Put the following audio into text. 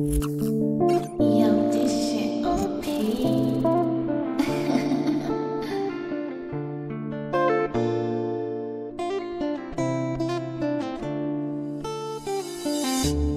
有继续 OP，哈哈哈哈哈。